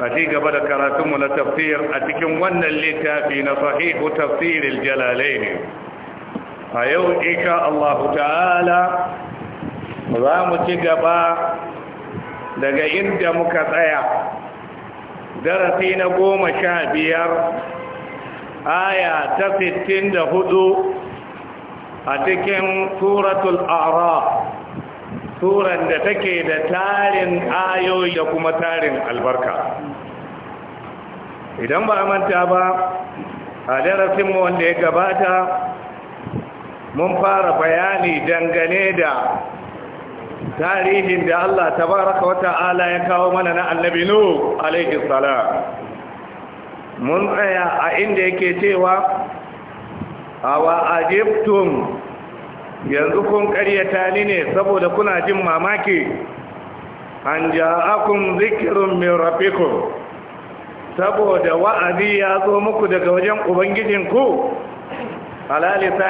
a ci gaba da karatunmu na tafsir a cikin wannan littafi na sahihu tafsirin jalalai ne a yau ika allahu ta'ala za mu ci gaba daga inda muka tsaya darasi na goma sha biyar aya ta sittin da hudu a cikin suratul ara suran da take da tarin ayoyi da kuma tarin albarka idan ba manta ba a darasinmu wanda ya gabata mun fara bayani dangane da tarihin da Allah tabaraka wa ta'ala ya kawo mana na annabi nu alaihi salam mun tsaya a inda yake cewa awa ajibtum yanzu kun ƙarya ni ne saboda kuna jin mamaki an ja'akum zikrun min rabbikum saboda wa'azi ya zo muku daga wajen ubangijinku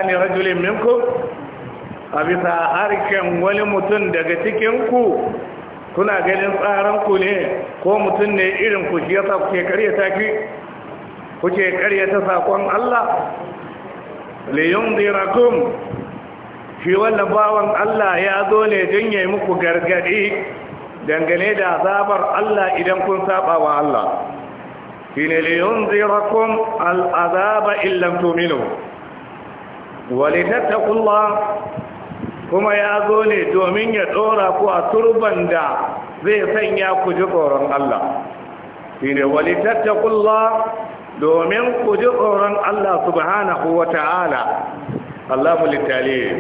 ne rajulin minku a bisa harken wani mutum daga cikinku kuna ganin tsaranku ne ko mutum ne irin ku shi yasa kuke karyata ki kuke karyata sakon Allah liyun dirakum shi wannan bawan Allah ya zo ne don yayi muku gargadi dangane da zabar Allah idan kun saba wa Allah shine liyunzirakum al'azaba illam tu'minu walitattaqullah kuma ya zo ne domin ya dora ku a turban da zai sanya ku ji tsoron Allah shine walitattaqullah domin ku ji tsoron Allah subhanahu wata'ala Allahu litali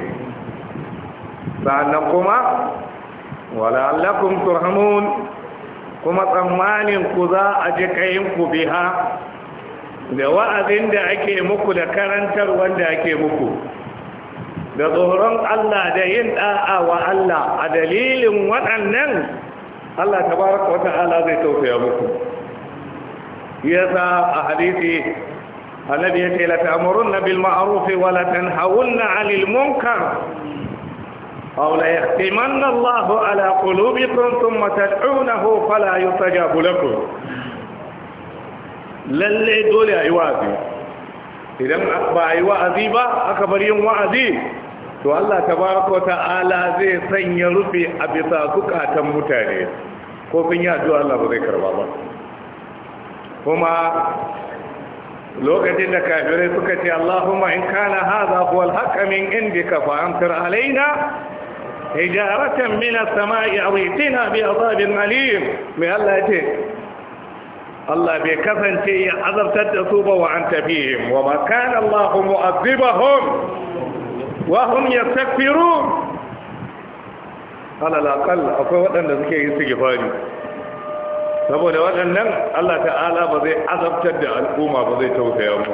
sannan kuma wala allakum turhamun kuma tsammanin ku za a ji kayinku biha da wa'azin da ake muku da karantar wanda ake muku da tsoron Allah da yin ɗa'a wa Allah a dalilin waɗannan Allah tabaraka ala zai tausaya muku yasa a hadisi annabi ya ce la ta'muruna bil ma'ruf wa la tanhawunna 'anil munkar أو ليختمن الله على قلوبكم ثم تدعونه فلا يستجاب لكم lalle dole a wa'azi idan ba a yi wa'azi ba aka bar yin wa'azi to Allah tabaraka ta'ala zai sanya rufe a bisa zukatan mutane ko kun yi addu'a Allah ba zai karba ba kuma lokacin da kafirai suka ce Allahumma in kana hadha huwa al-haqqa min indika fa amtir alaina hijaratan min as-sama'i aw yatina bi azabin alim me Allah ya ce Allah bai kasance ya azabtar da su ba wa an tafihim wa ma kana Allah mu'azzibahum wa hum yastakbirun ala laqal akwai waɗanda suke yin sigifari saboda waɗannan Allah ta'ala ba zai azabtar da al'umma ba zai tausaya mu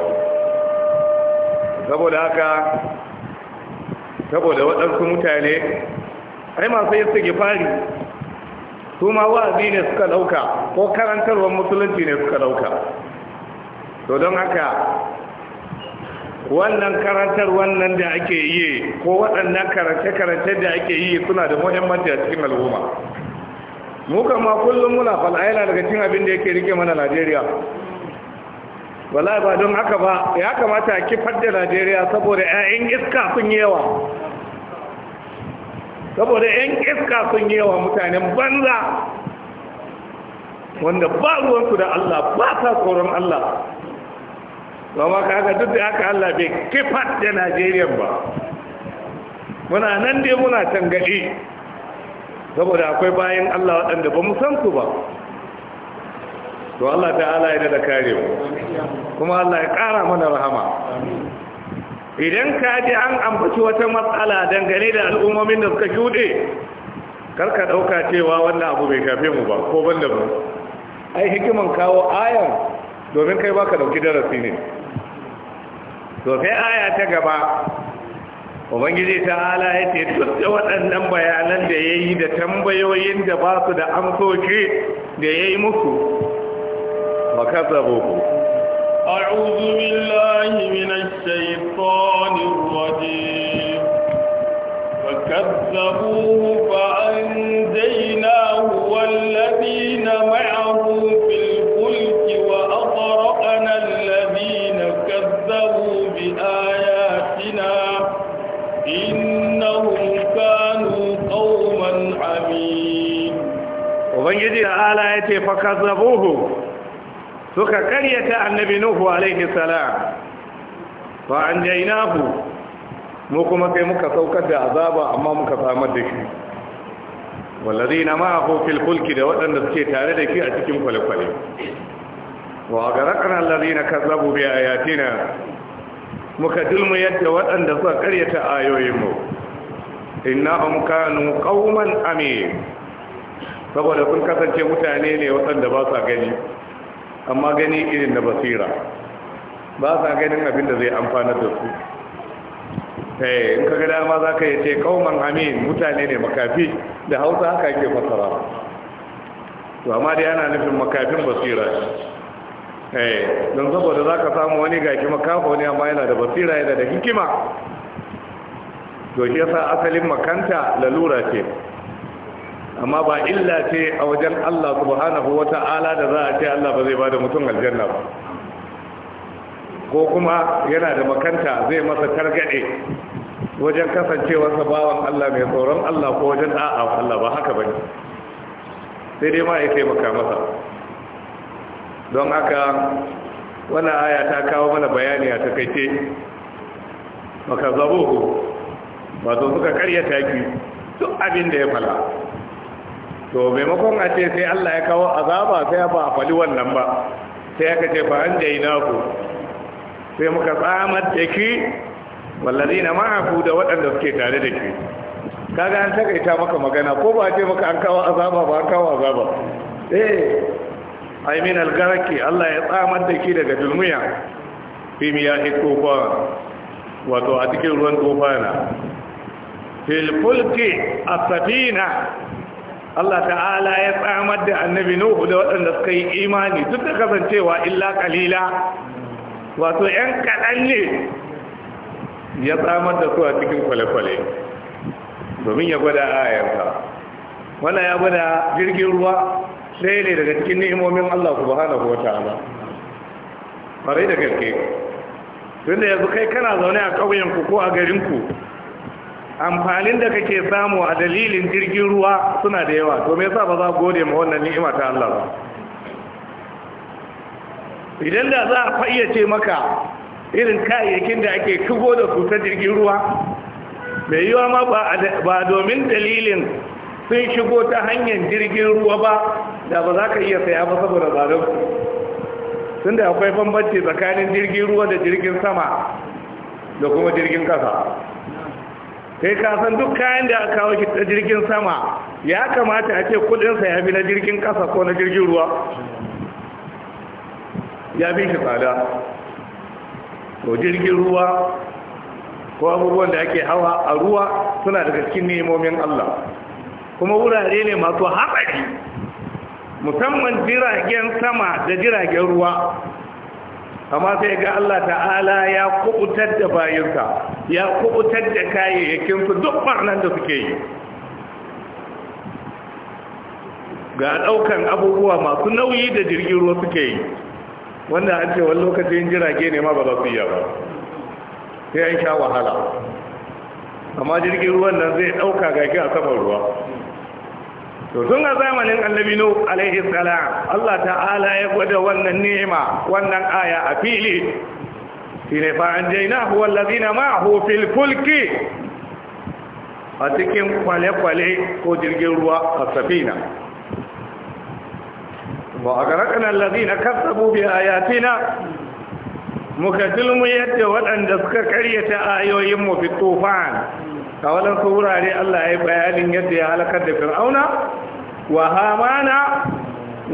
saboda haka saboda waɗansu mutane ai masu fari su ma wa'azi ne suka dauka ko karantarwar musulunci ne suka dauka to don haka wannan karantar wannan da ake yi ko waɗannan karance-karance da ake yi suna da muhimmanci a cikin al'umma mu ma kullum muna fal'aila daga cin abin da yake rike mana najeriya wallahi ba don haka ba ya kamata a kifar da najeriya saboda 'ya'yan iska sun yawa saboda yan iska sun yi yawa mutanen banza wanda ba ruwansu da Allah ba ta tsoron Allah ba ma haka duk da aka Allah bai kifat da Najeriya ba muna nan dai muna tangaɗe saboda akwai bayan Allah waɗanda ba mu san su ba to Allah ta'ala ya da kare mu kuma Allah ya ƙara mana rahama idan ka ji an ambaci wata matsala dangane da al'ummomin da suka shuɗe karka ɗauka cewa wannan abu bai shafe mu ba ko ban da mu ai hikiman kawo ayan domin kai baka ɗauki darasi ne to sai aya ta gaba ubangiji ta ala ya ce duk da waɗannan bayanan da ya yi da tambayoyin da ba su da amsoci da ya yi musu ba kasa boko. أعوذ بالله من الشيطان الرجيم فكذبوه فأنجيناه والذين معه في الفلك وأطرقنا الذين كذبوا بآياتنا إنهم كانوا قوما عمين وبنجد آلة فكذبوه suka karyata annabi nuhu alaihi salam fa anjaynahu mu kuma kai muka saukar da azaba amma muka samar da shi wallazina ma'ahu fil fulki da waɗanda suke tare da shi a cikin kwalkwale wa garaqna allazina kazzabu bi ayatina muka dulmu yadda waɗanda suka karyata ayoyinmu innahum kanu qauman amin saboda sun kasance mutane ne waɗanda ba sa gani amma gani irin na basira ba sa ganin abin da zai amfana da su eh in ka ga dama za ka yi ce kauman amin mutane ne makafi da hausa haka ke fasara to amma dai ana nufin makafin basira eh don saboda za ka samu wani gaki makafa ne amma yana da basira yana da hikima to shi yasa asalin makanta lalura ce amma ba illa ce a wajen Allah subhanahu wata'ala da za a ce Allah ba zai bada mutum aljanna ba ko kuma yana da makanta zai masa targade wajen kasancewarsa bawan Allah mai tsoron Allah ko wajen a'a Allah ba haka bane sai dai ma ya taimaka masa don haka wani aya ta kawo mana bayani a takaice maka zabo wato suka karya taki duk abin da ya fala to maimakon a ce sai Allah ya kawo azaba sai ba a fali wannan ba sai aka ce ba an na ku sai muka tsamar da ki wallazi na ma'aku da waɗanda suke tare da ke kaga an takaita maka magana ko ba ce maka an kawo azaba ba an kawo azaba eh ai min algaraki Allah ya tsamar da ki daga dulmiya fi miya ikofa wato a cikin ruwan tofana fil fulki as-safina Allah ta'ala ya tsamar da annabi Nuhu da waɗanda suka yi imani duk da kasancewa illa kalila wato ‘yan kaɗan ne ya tsamar da su a cikin kwale-kwale domin ya gwada ayarsa wannan ya gwada jirgin ruwa sai ne daga cikin ni'imomin Allah subhanahu wa ta'ala farai da gaske tunda yanzu kai kana zaune a ƙauyenku ko a garinku amfanin da kake samu a dalilin jirgin ruwa suna da yawa to me yasa ba za gode ma wannan ni'ima ta Allah ba idan da za a fayyace maka irin kayayyakin da ake kigo da su ta jirgin ruwa mai yiwa ma ba domin dalilin sun shigo ta hanyar jirgin ruwa ba da ba za ka iya saya ba saboda tsarin tun da akwai bambanci tsakanin jirgin ruwa da jirgin sama da kuma jirgin kasa kai kasan duk kayan da aka kawo shi ta jirgin sama ya kamata a ce kudinsa ya bi na jirgin kasa ko na jirgin ruwa ya bi shi tsada ko jirgin ruwa ko abubuwan da ake hawa a ruwa suna daga cikin nemomin Allah kuma wurare ne masu haɗari musamman jiragen sama da jiragen ruwa amma sai ga Allah ta'ala ya kubutar da bayinka ya kubutar da kayayyakin su duk barnan da suke yi ga daukan abubuwa masu nauyi da jirgin ruwa suke yi wanda an ce wani lokacin jirage ne ma ba za su yi ba sai an sha wahala amma jirgin ruwan nan zai dauka gaki a saman ruwa to tun a zamanin annabi nu alaihi salam Allah ta'ala ya gwada wannan ni'ima wannan aya a fili shine fa anjaynahu wallazina ma'ahu fil fulki a cikin kwale-kwale ko jirgin ruwa a safina ba a garakan allazina kasabu bi ayatina muka tilmu yadda waɗanda suka karyata ayoyin mu fito tufan a waɗansu wurare Allah ya yi bayanin yadda ya halakar da fir'auna wa hamana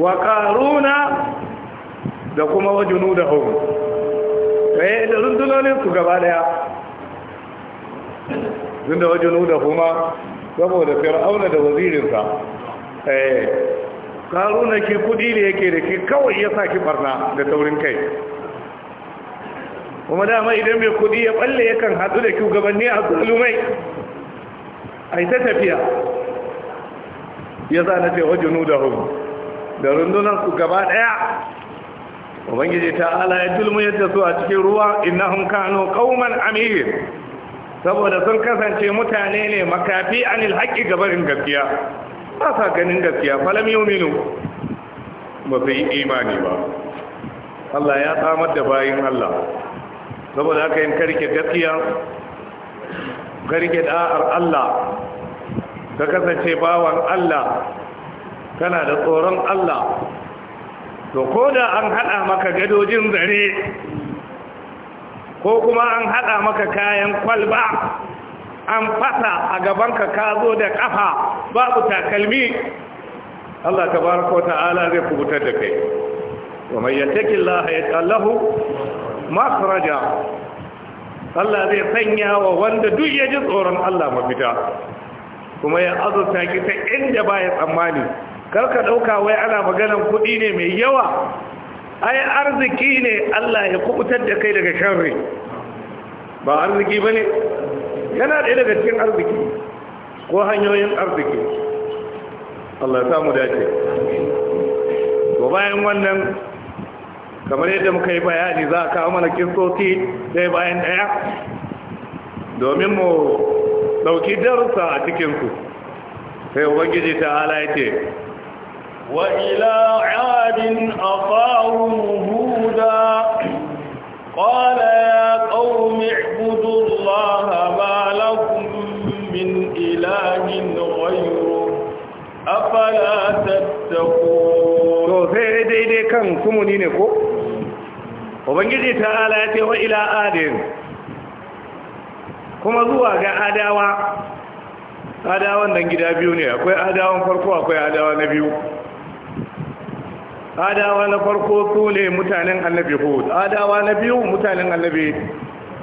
wa karuna da kuma wajunu da hau ɗaya eh, da rundunonin su gaba daya sun da wajunu da kuma saboda fir'auna da wazirinsa eh, karuna ki kudi ne yake da ki kawai ya sa ki da taurin kai kuma dama idan mai kudi ya balle yakan hadu da shugabanni a zulumai a ita tafiya ya sa na ce wajinu da hun da rundunar su gaba daya ubangiji ta ala ya tulmu yadda su a cikin ruwa innahum kanu kauman amir saboda sun kasance mutane ne makafi anil haqqi gabarin gaskiya ba sa ganin gaskiya falam ba su yi imani ba Allah ya samar da bayin Allah saboda haka yin karke gaskiya karke da'ar Allah ka kasance bawan Allah kana da tsoron Allah to ko da an haɗa maka gadojin zare ko kuma an haɗa maka kayan kwalba an fasa a gabanka ka zo da ƙafa babu takalmi Allah baraka wa ta'ala zai kubutar da kai wa mai yattaki Allah ya tsallahu makaraja Allah zai sanya wa wanda duk ya ji tsoron Allah mafita kuma ya azurta ki ta inda baya tsammani kar ka dauka wai ana maganar kuɗi ne mai yawa ai arziki ne Allah ya kubutar da kai daga sharri ba arziki bane yana ɗaya daga cikin arziki ko hanyoyin arziki Allah ya samu dace to bayan wannan kamar yadda muka yi bayani za a kawo mana kistoci sai bayan ɗaya domin mu dauki darsa a cikin su sai ubangiji ta ala yace wa ila adin aqahum huda qala ya qaumi ibudu allaha ma lakum min ilahin ghayru afala tattako. to sai daidai kan kumuni ne ko ubangiji ta ala yace wa ila adin kuma zuwa ga adawa adawan nan gida biyu ne akwai adawan farko akwai adawa na biyu adawa na farko su ne mutanen annabi hud adawa na biyu mutanen annabi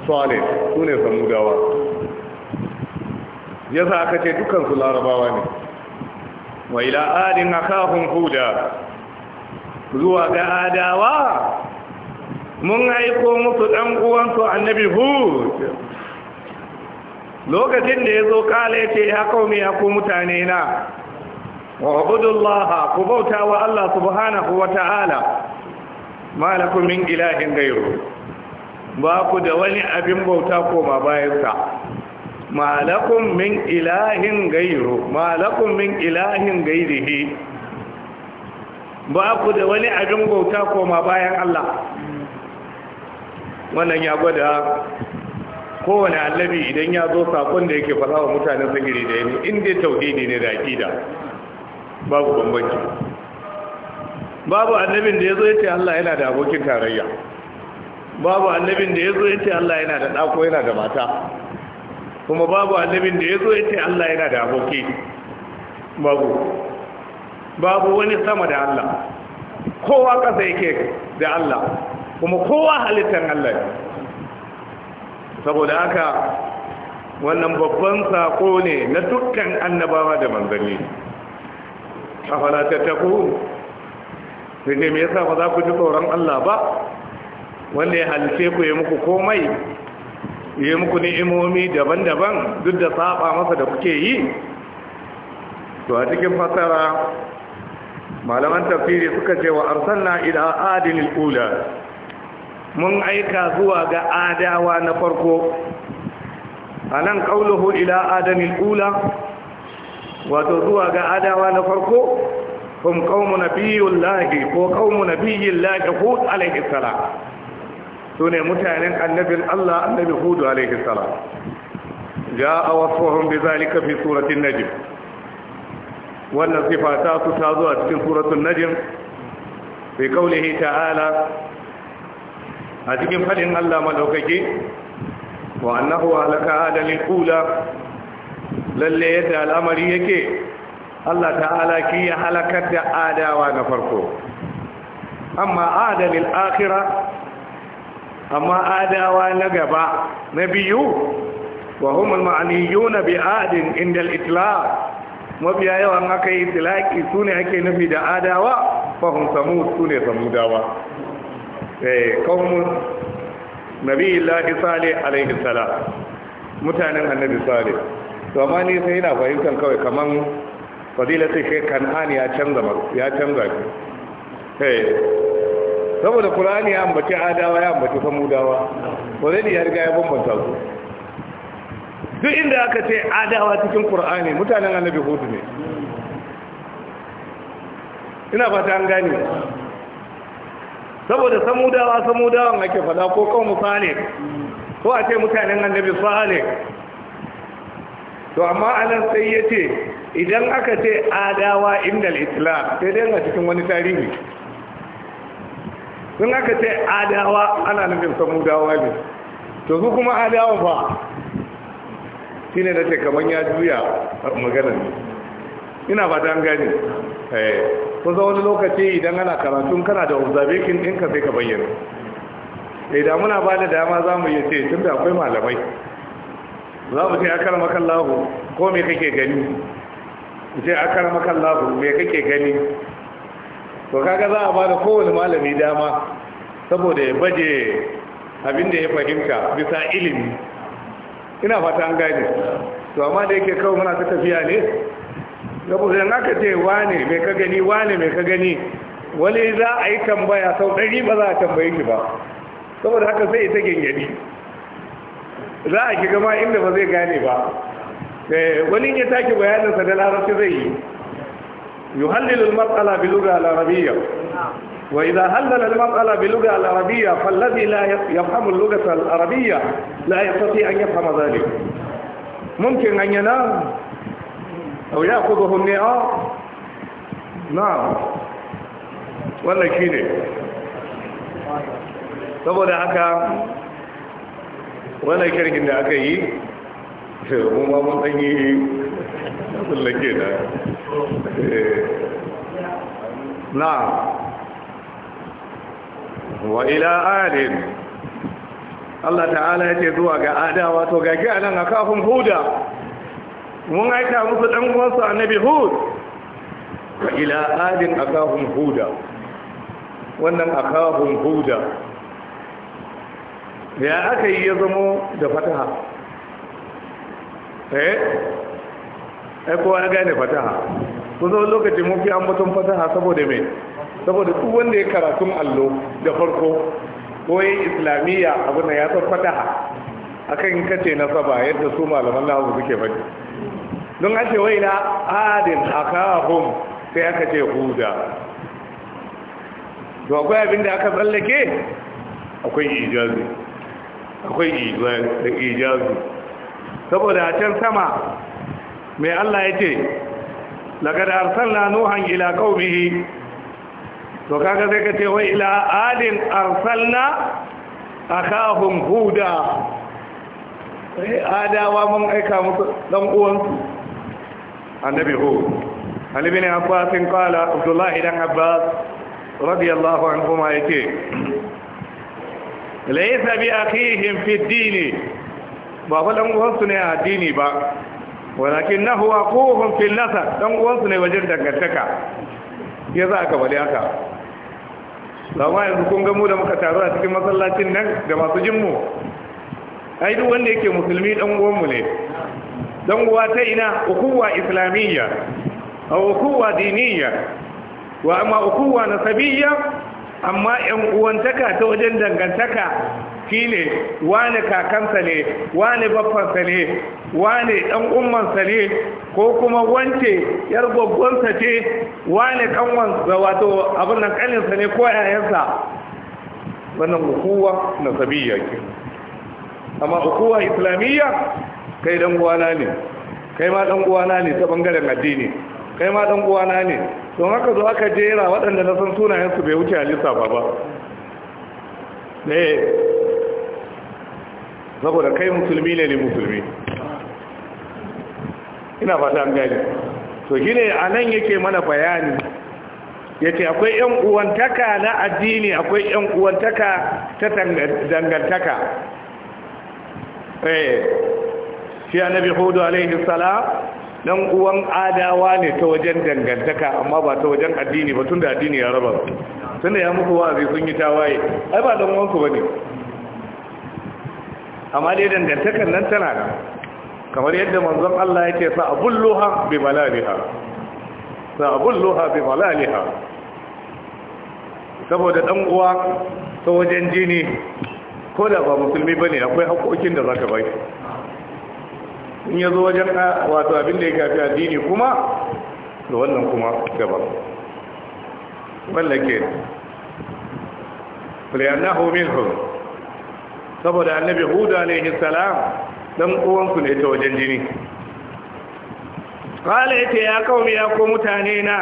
salih su ne gawa. ya sa aka ce dukansu larabawa ne wa ila adin akahun huda zuwa ga adawa mun aiko musu ɗan uwansu annabi hud lokacin da ya zo kala ya ce ya kaume ya ku mutane na wa abudullaha ku bauta wa Allah subhanahu wa ta'ala ku min ilahin gairu ba ku da wani abin bauta koma bayansa ku min ilahin gairu malakun min ilahin gairihi ba ku da wani abin bauta koma bayan Allah wannan ya gwada kowane annabi idan ya zo sakon da yake fasawa mutanen sihiri da yanzu inda dai tauhidi ne da aqida babu bambanci babu annabin da yazo yace Allah yana da abokin tarayya babu annabin da yazo yace Allah yana da dako yana da mata kuma babu annabin da yazo yace Allah yana da aboki babu babu wani sama da Allah kowa kasa yake da Allah kuma kowa halittar Allah ne saboda haka wannan babban sako ne na dukkan annabawa da manzanni A tattaku sai dai me yasa ba za ku ji tsoron Allah ba wanda ya halice ku ya muku komai ya muku ni'imomi daban-daban duk da saba masa da kuke yi to a cikin fasara malaman tafsiri suka ce wa arsalna ila adilil ula mun aika zuwa ga adawa na farko A anan qauluhu ila adamil ula wato zuwa ga adawa na farko kun na biyun lahi, ko na qaumu nabiyillahi hud alaihi salam sune mutanen annabin Allah annabi hud alaihi salam jaa wasfuhum bidhalika fi surati an-najm wannan sifata ta zo a cikin suratul najm fi qawlihi ta'ala a cikin fadin Allah madaukake wa annahu alaka adalin ula lalle yadda al'amari yake Allah ta'ala ki ya halakar da adawa na farko amma adalin akhira amma adawa na gaba na biyu wa humul ma'aniyuna bi adin inda ita, itlaq mabiya yawan aka yi tilaki sune ake nufi da adawa su ne sune dawa. kawun eh, nabi lahi sale alaihi sala mutanen annabi sale to amma ni sai yana fahimtar kawai kaman fadilatu shi kan'ani ya canza ya canza shi eh, saboda qur'ani ya ambaci adawa ya ambaci samudawa bare ne ya riga ya bambanta su duk inda aka ce adawa cikin qur'ani mutanen annabi hudu ne ina fata an gane saboda samudawa samudawan ake fada ko kawo misali ko a ce mutanen annabi sale to amma anan sai ya ce idan aka ce adawa indal islam sai dai a cikin wani tarihi sun aka ce adawa ana nufin samudawa ne to su kuma adawa fa shi ne na ce kamar ya juya maganar ina ba dan gani eh, kun san wani lokaci idan ana karatu kana da observation ɗinka sai ka bayyana Eh da muna ba da dama za mu yi ce tun da akwai malamai za mu ce akar makallahu ko me kake gani mu ce akar makallahu me kake gani to kaga za a ba da kowane malami dama saboda ya baje abin da ya fahimta bisa ilimi ina fata an gani. to amma da yake kawai muna ta tafiya ne saboda in aka ce wane mai ka gani wane mai ka gani wani za a yi tambaya sau ɗari ba za a tambayi ki ba saboda haka sai ita gengeni za a ki ma inda ba zai gane ba eh, wani ya take bayaninsa da larabci zai yi يهلل المسألة بلغة العربية وإذا هلل المسألة بلغة العربية فالذي لا يفهم اللغة العربية لا يستطيع أن يفهم ذلك ممكن أن ينام au ya ku zuhun ne a na wannan shi ne saboda aka, wannan kirkin da aka yi mun ma mun ɗanyi tsallake na na wa ila alin. Allah ta'ala ya ce zuwa ga adawa to gaki a nan a kafin huda mun aika musu dan uwansu annabi hud wa ila adin akahum huda wannan akahum huda ya aka yi ya zamo da fataha eh ai kowa ya gane fataha Kusa lokacin mun fi ambaton fataha saboda mai saboda duk wanda ya karatun allo da farko ko ya islamiyya abu da ya san fataha akan kace saba yadda su malaman nahu suke faɗi don an wai na adin akahum sai aka ce huda to akwai abin da aka tsallake akwai ijazu akwai ijazu saboda a can sama mai Allah ya ce laqad arsalna nuhan ila qaumihi to kaga sai ka ce wai ila adin arsalna akahum huda Eh, adawa mun aika musu dan uwansu annabi ho ali bin sin kala abdullah ibn abbas radiyallahu ma yake laysa bi akhihim fi ad-din ba fa dan uwansu ne a addini ba walakin nahu aquhum fi nasab dan uwansu ne wajen dangantaka ya za ka bari haka lawa yanzu kun ga mu da muka taru a cikin masallacin nan da masu jinmu ai duk wanda yake musulmi dan uwanmu ne dan uwa ta ina ukuwa islamiyya aw ukuwa diniyya wa amma ukuwa nasabiyya amma yan uwantaka ta wajen dangantaka shine wane kakansa ne wane baffansa ne wane dan ummansa ne ko kuma wance yar gwaggwansa ce wane kanwansa wato abin nan kaninsa ne ko yayansa wannan ukuwa nasabiyya kenan amma ukuwa islamiyya kai dan uwana ne kai ma dan uwana ne ta bangaren addini kai ma dan uwana ne don haka zo aka jera waɗanda na san sunayen su bai wuce a lissafa ba eh saboda kai musulmi ne ne musulmi ina fata an gani to a nan yake mana bayani yake akwai yan uwantaka na addini akwai yan uwantaka ta dangantaka Eh, shi annabi hudu alaihi salam dan uwan adawa ne ta wajen dangantaka amma ba ta wajen addini ba tun da addini ya raba tun tunda ya muku wa'azi sun yi tawaye ai ba wanku ba ne. amma dai dangantakan nan tana nan kamar yadda manzon Allah yake sa loha bi malaliha sa loha bi malaliha saboda ɗan uwa ta wajen jini ko da ba musulmi ba ne akwai haƙoƙin da za ka bai in ya zo wajen wato abin da ya kafi addini kuma da wannan kuma gaba wallake liyannahu minhum saboda annabi hudu alaihi salam dan uwansu ne ta wajen jini qala ta ya qaumi ya ko mutane na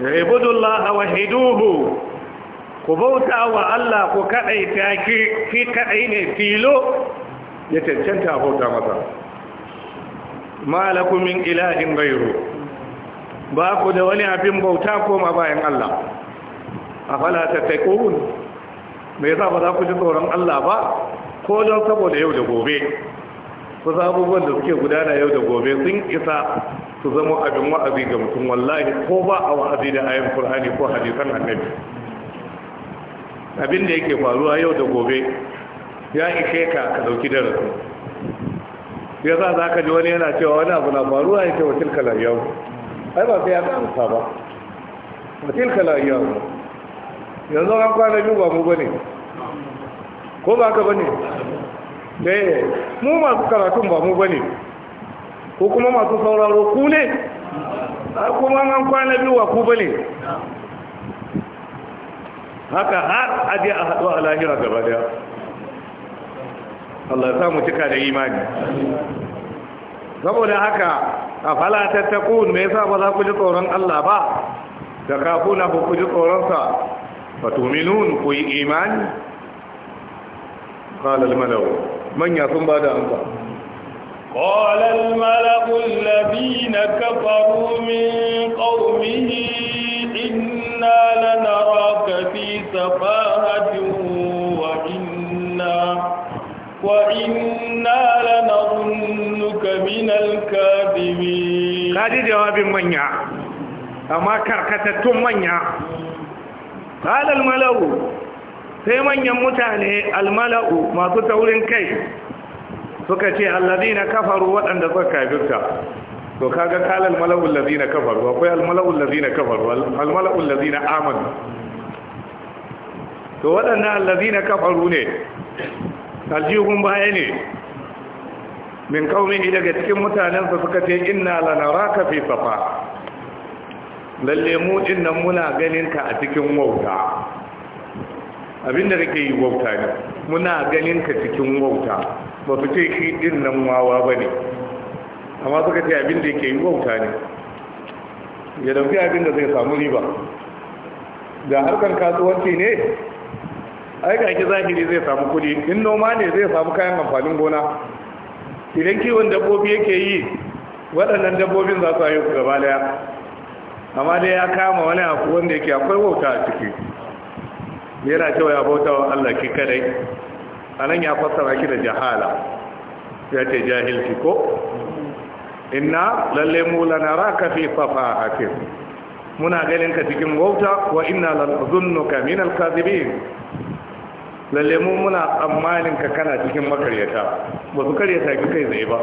a wahiduhu ku bauta wa Allah ku kadai ta fi kadai ne filo ya cancanta bauta masa malakum min ilahin gairu. ba ku da wani abin bauta ko ma bayan Allah afala tattaqun me yasa ba za ku ji tsoron Allah ba ko don saboda yau da gobe ku abubuwan da suke gudana yau da gobe sun isa su zama abin wa'azi ga mutum wallahi ko ba a wa'azi da ayin Qur'ani ko hadisan Annabi abin da yake faruwa yau da gobe ya ishe ka ka dauki darasi ya za za ka ji wani yana cewa wani abu na faruwa ya ce wa tilka layyau ai ba sai ya ga amsa ba wa tilka layyau yanzu an kwana biyu ba mu bane ko ba ka bane eh mu masu karatun ba mu bane ko kuma masu sauraro ku ne kuma an kwana biyu ba ku bane haka har aje a haɗu a lahira gaba daya Allah sa mu cika da imani saboda haka a falatar ta kun me yasa ba za ku ji tsoron Allah ba da kafuna ku ku ji tsoronsa fa tuminun ku yi imani qala al malau manya sun ba da amsa qala al malau na kafaru min qaumihi inna lanaraka سفاهة وإنا, وإنا لنظنك من الكاذبين هذه جواب منيا أما كركتتم منيا قال الملو سيمن يمتعني الملو ما تتولي كي سكتي الذين كفروا وأن تفكى بكتا وكذا قال الملو الذين كفروا وقال الملو الذين كفروا الملو الذين آمنوا to waɗannan na kafaru ne aljihun baya ne min kaumihi daga cikin mutanensa suka ce inna lanaraka fi safa lalle mu inna muna ganin ka a cikin wauta abinda ke yi wauta ne muna ganin ka cikin wauta ba su ce ki dinnan wawa ne. amma suka ce abinda ke yi wauta ne ya dauki abinda zai samu riba da harkar kasuwanci ne ai ga ki zahiri zai samu kuɗi in noma ne zai samu kayan amfanin gona idan kiwon dabbobi yake yi waɗannan dabbobin za su ayyuka gaba daya amma dai ya kama wani abu wanda yake akwai wauta a ciki yana cewa ya bauta wa Allah ki kadai anan ya fassara ki da jahala ya ce jahilci ko inna lalle mu lanaraka fi safahatin muna ganin ka cikin wauta wa inna lanzunnuka min alkazibin lalle mu muna tsammanin ka kana cikin makaryata ba su karyata ki kai zai ba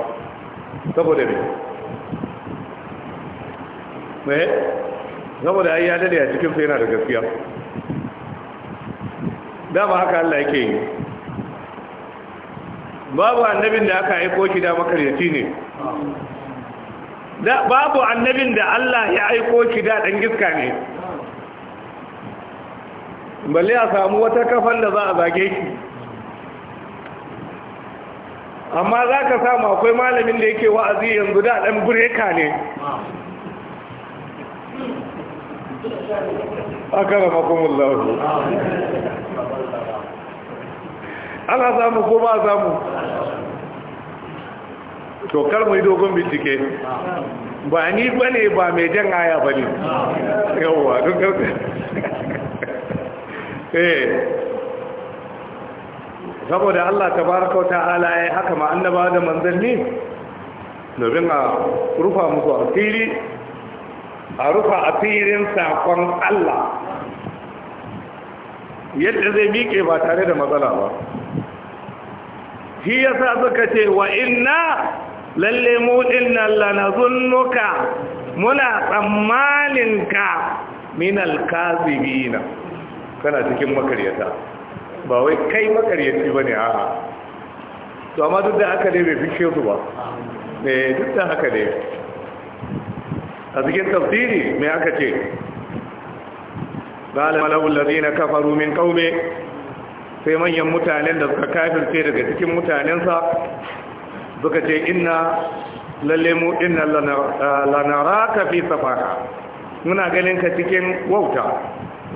saboda ne mai saboda ai ya dade a cikin sai yana da gaskiya dama haka Allah yake yi babu annabin da aka aiko shi da makaryaci ne babu annabin da Allah ya aiko shi da dan giska ne balle a samu wata kafan da za a zage shi amma za ka samu akwai malamin da yake wa'azi yanzu da ɗan bureka ne a kara makomin lauru ana samu ko ba samu to kar mu yi dogon bincike ba ni bane ba mai jan aya ba ne yawwa duk eh saboda Allah tabaraka ta'ala ya haka ma da manzanni domin a rufa musu fili, a rufa firin sakon Allah yadda zai miƙe ba tare da matsala ba shi yasa suka ce wa inna lalle mu dinnan lanazunnuka muna ka min alkazibina kana cikin makaryata ba wai kai makaryaci ba ne a to amma duk da haka ne bai fishe su ba ne eh, duk da haka ne a cikin tafsiri mai aka ce zalal malawul na kafaru min kaume sai manyan mutanen da suka sai daga cikin mutanensa suka ce ina lalle mu lanara ka fi safaha muna ganin ka cikin wauta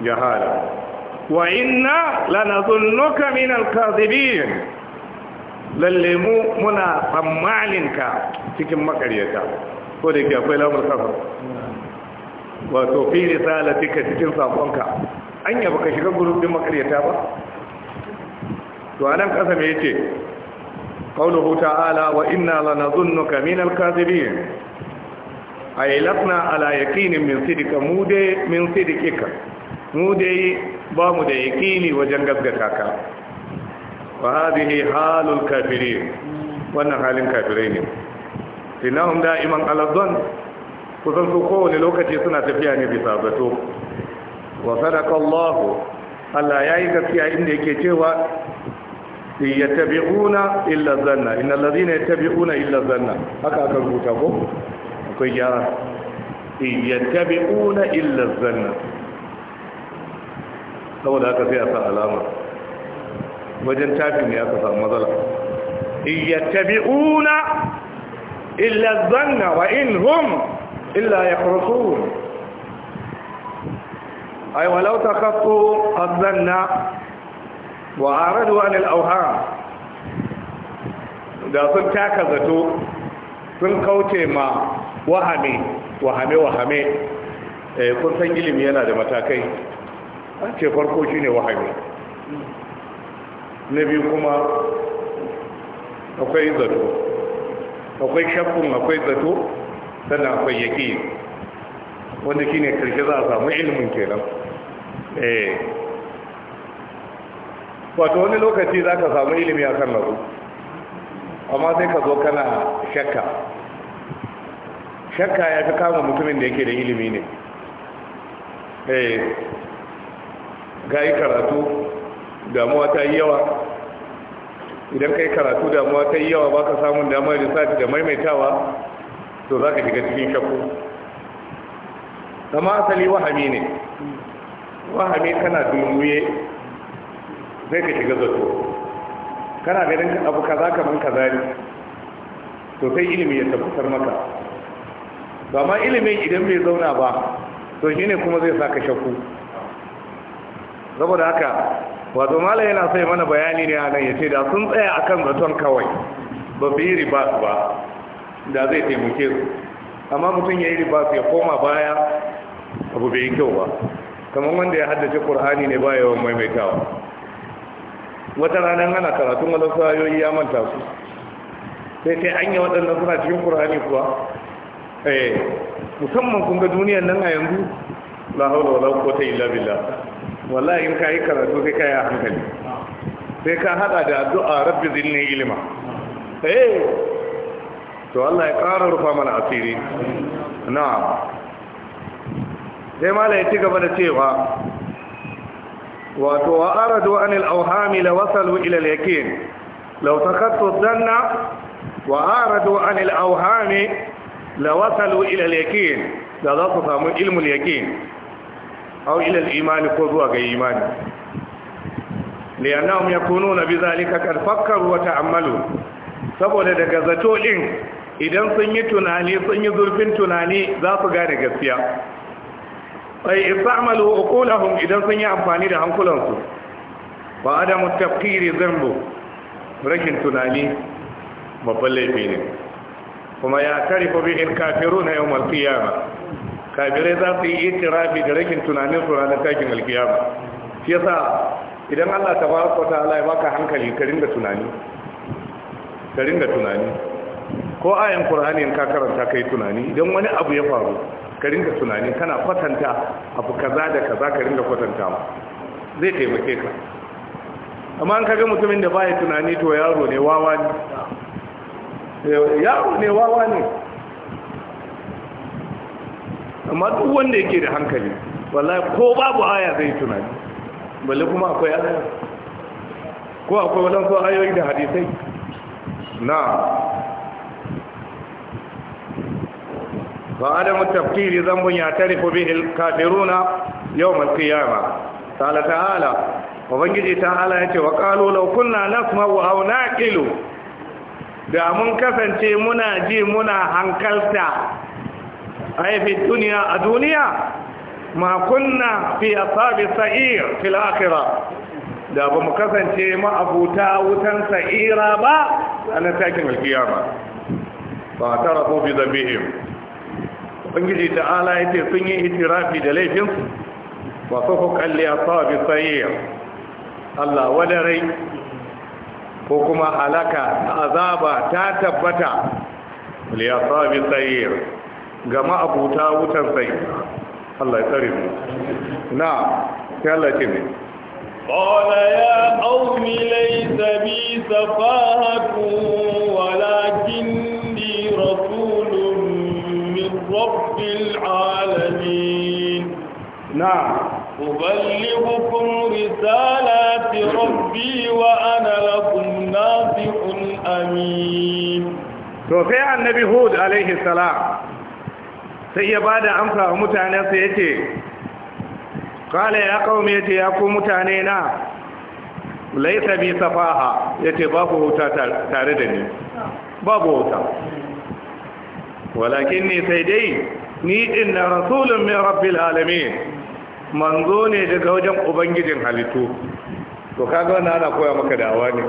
jahala wa inna lanazunnuka min alkazibin lalle mu muna tsammanin ka cikin makaryata ko da ke akwai lamar kasar wato fi risalatika cikin sakonka an yaba ka shiga gurubin makaryata ba to anan kasa me yace qawluhu ta'ala wa inna lanazunnuka min alkazibin ay latna ala yaqinin min sidika mu mude min sidikika mu dai ba mu da yaƙini wajen gaskata ka wa hadhihi halul kafirin wannan halin kafirai ne innahum da'iman ala dhann kusan su kowane lokaci suna tafiya ne bisa zato wa sadaqa Allah Allah yayi gaskiya inda yake cewa yattabi'una illa dhanna innal ladhina yattabi'una illa dhanna haka aka rubuta ko akwai gyara yattabi'una illa dhanna saboda haka sai a sa alama wajen tafi ne aka samu matsala iyattabi'una illa zanna wa in hum illa yakhrusun ay walau takaffu az-zanna wa aradu an al-awham da sun taka zato sun kauce ma wahame wahame wahame eh, kun san ilimi yana da matakai an ce farko ne wahayi na biyu kuma akwai zato akwai shakkun akwai zato sannan akwai yaƙi wanda shi ne karshe za a samu ilimin kenan eh wato wani lokaci za ka samu ilimi a kan nazo amma sai ka zo kana shakka shakka ya fi kama mutumin da yake da ilimi ne eh. ga yi karatu damuwa ta yi yawa idan ka yi karatu damuwa ta yi yawa ba ka samun damar lissafi da maimaitawa to za ka shiga cikin shakku zama asali wahami ne wahami kana dumuye zai ka shiga zato kana ganin abu kaza kamar kaza ne to sai ilimi ya tabbatar maka ba ma ilimin idan bai zauna ba to shine kuma zai saka shakku saboda haka wato malam yana sai mana bayani ne a nan ya ce da sun tsaya akan zaton kawai ba su yi riba ba da zai taimake su amma mutum ya yi riba ya koma baya abu bai yi kyau ba kamar wanda ya haddace ƙur'ani ne ba yawan maimaitawa wata ranar ana karatun wani sayoyi ya manta su sai sai an yi waɗannan suna cikin ƙur'ani kuwa eh musamman kun ga duniyar nan a yanzu la haula wala quwwata illa billah wallahi in ka yi karatu sai ka yi a hankali sai ka hada da addu'a rabbi zinne ilima eh to Allah ya ƙara rufa mana asiri na'am sai mala ya ci gaba da cewa wato wa aradu an al la wasalu ila al-yaqin law takattu dhanna wa aradu an al la wasalu ila al-yaqin da za su samu ilmul yaqin aw ila al-imani ko zuwa ga imani li'annahum yakununa bi zalika qad fakkaru wa ta'ammalu saboda daga zato din idan sun yi tunani sun yi zurfin tunani za su gane gaskiya ai istamalu uqulahum idan sun yi amfani da hankulansu ba adamu tafkiri zambo rashin tunani babban laifi ne kuma ya tarifa bihin kafiruna yawmal qiyamah kafirai za su yi itirafi da rakin tunanin su ranar takin alkiyama shi yasa idan Allah ta baraka ta'ala ya baka hankali ka da tunani ka ringa tunani ko ayan kur'ani ka karanta kai tunani idan wani abu ya faru ka ringa tunani kana kwatanta abu kaza da kaza ka ringa ma. zai taimake ka amma an kaga mutumin da baya tunani to yaro ne wawa ne yaro ne wawa ne amma duk wanda yake da hankali wallahi ko babu aya zai tuna. balle kuma akwai aya ko akwai wadansu ayoyi da hadisai na fa adamu tafkiri zambun ya tarifu bihi alkafiruna yawm alqiyama ta'ala ta'ala ubangiji ta'ala yace wa qalu law kunna nasma'u aw naqilu da mun kasance muna ji muna hankalta أي في الدنيا الدنيا ما كنا في أصاب سعير في الآخرة da ba mu kasance ma'abuta wutan sa'ira ba a nan takin alkiyama ba a tara kofi fi zabihim ubangiji ta ala ya ce sun yi itirafi da laifinsu ba su ku kalli a sabi sa'ir allah wadarai ko kuma halaka azaba ta tabbata liya sabi sa'ir ga ma'abuta wutar zai Allah ya tsare mu na Allah ke ne qala ya qawmi laysa bi safahatu walakinni rasulun min alamin na uballighukum risalati rabbi wa ana lakum nasihun amin to sai annabi hud alaihi salam sai ya ba da amsa wa mutanensa ya ce kala ya kawai ya ce ya ku mutane na laita bi safaha ya ce babu wuta tare da ni babu wuta walakin ne sai dai ni inna rasulun min rabbil alamin manzo ne daga wajen ubangijin halittu to kaga wannan ana koya maka da'awa ne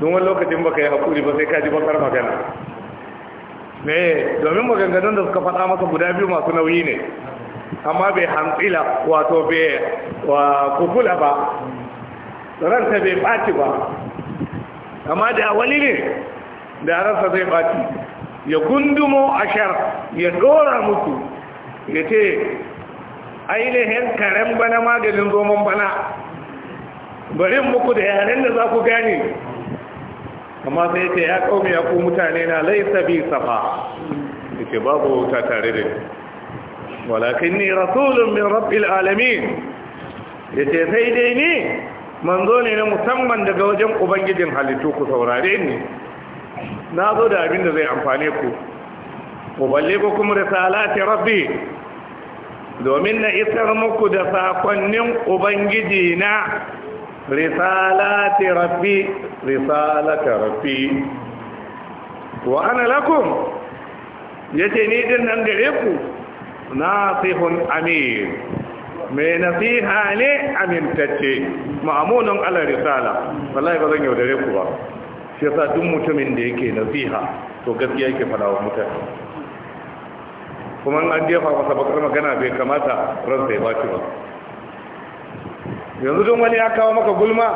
don wani lokacin baka yi hakuri ba sai ka ji bakar magana Me domin maganganun da suka faɗa masa guda biyu masu nauyi ne amma bai hantsila wato bai wa kukula ba ranta bai ɓaci ba amma da wani ne da ransa zai ɓaci ya gundumo ashar ya ɗora mutu. ya ce ainihin karen bana maganin zoman bana Bari muku da yaren da za ku gane amma sai ce ya kaume ya ku mutane na laisa bi safa yake babu wuta tare da ni walakin ni rasulun min rabbil alamin yace sai dai ni manzo ne na musamman daga wajen ubangijin halittu ku saurare ni na zo da abin da zai amfane ku uballighukum risalati rabbi domin na isar muku da sakonnin ubangiji na risalati rabbi risalata rabbi wa ana lakum yace ni din nan gare ku nasihun amir mai nasiha ne amintacce ma'amunan ala risala wallahi ba zan yaudare ku ba shi yasa duk mutumin da yake nasiha to gaskiya yake fada wa mutane kuma an jefa masa bakar magana bai kamata ransa ya baci ba yanzu don wani ya kawo maka gulma